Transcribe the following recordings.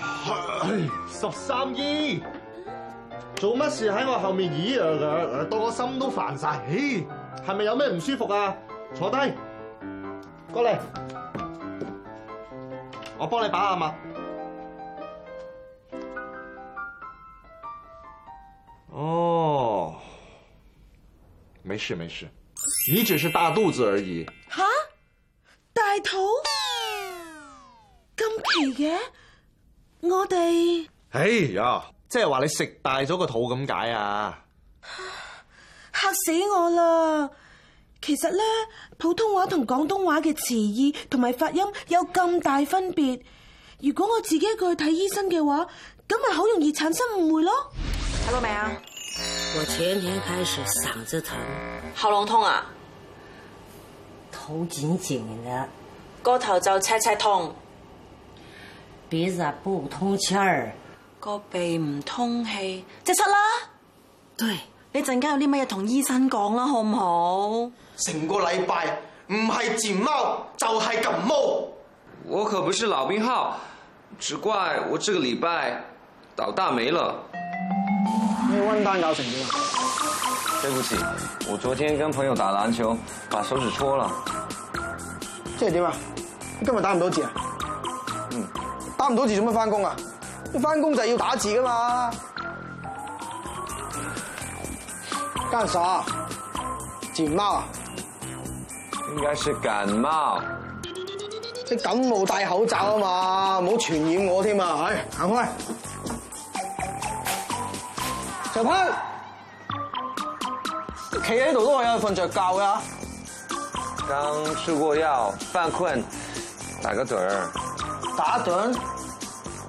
哎、十三姨，做乜事喺我後面咦？到、啊啊啊、我心都煩晒。嘿，係咪有咩唔舒服啊？坐低，過嚟，我幫你把下脈。哦，沒事沒事，你只是大肚子而已。哈？係嘅，我哋哎呀，即係話你食大咗個肚咁解啊！吓死我啦！其實咧，普通話同廣東話嘅詞義同埋發音有咁大分別。如果我自己一個去睇醫生嘅話，咁咪好容易產生誤會咯。睇到未啊？我前天開始嗓子疼，喉嚨痛啊，頭緊緊嘅，個頭就赤赤痛。鼻子啊不通氣，個鼻唔通氣，即出啦。對，你陣間有啲乜嘢同醫生講啦，好唔好？成個禮拜唔係治貓就係咁毛。我可不是老病號，只怪我這個禮拜倒大霉了。你溫單搞成點啊？對不起，我昨天跟朋友打籃球，把手指戳了。即係點啊？今日打唔到字啊？唔到字做乜翻工啊？翻工就係要打字噶嘛？幹啥？剪帽啊？應該是感冒。你感冒戴口罩啊嘛，唔好傳染我添啊！哎，行開長潘，企喺度都可以瞓着覺嘅吓、啊。剛吃過藥，犯困，打個盹。打盹？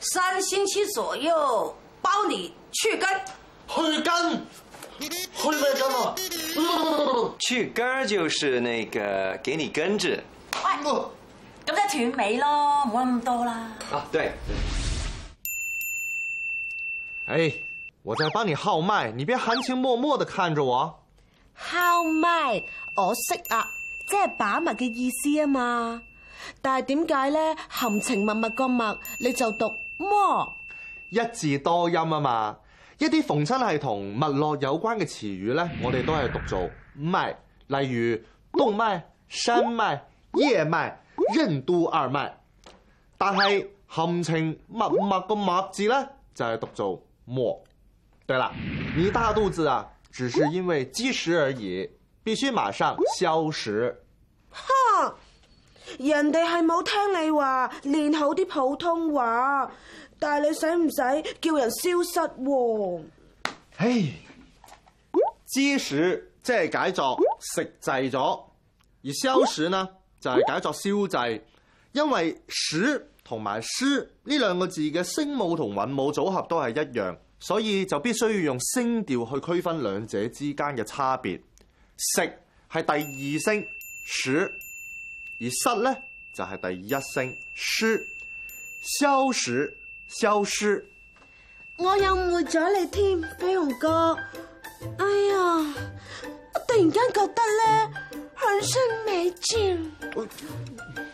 三星期左右包你去根，去根，去乜根啊？嗯、去根就是那個給你根治。哎，咁即係斷尾咯，唔好諗咁多啦。啊，對對。哎，我再幫你號脈，你別含情脈脈的看着我。號脈，我識啊，即係把脈嘅意思啊嘛。但係點解咧含情脈脈個脈你就讀？莫，一字多音啊嘛，一啲逢親係同脈絡有關嘅詞語呢，我哋都係讀做脈，例如動脈、山脈、葉脈、任督二脈，但係含情脈脈個脈字呢就係、是、讀做莫。對啦，你大肚子啊，只是因為積食而已，必須馬上消食。人哋係冇聽你話，練好啲普通話，但係你使唔使叫人消失喎？Hey, 積食即係解作食滯咗，而消食呢就係解作消滯，因為食同埋失呢兩個字嘅聲母同韻母組合都係一樣，所以就必須要用聲調去區分兩者之間嘅差別。食係第二聲，失。而失咧就係、是、第一聲，失，消失，消失。消失我又誤會咗你添，飛鴻哥。哎呀，我突然間覺得咧，很失未嬌。哎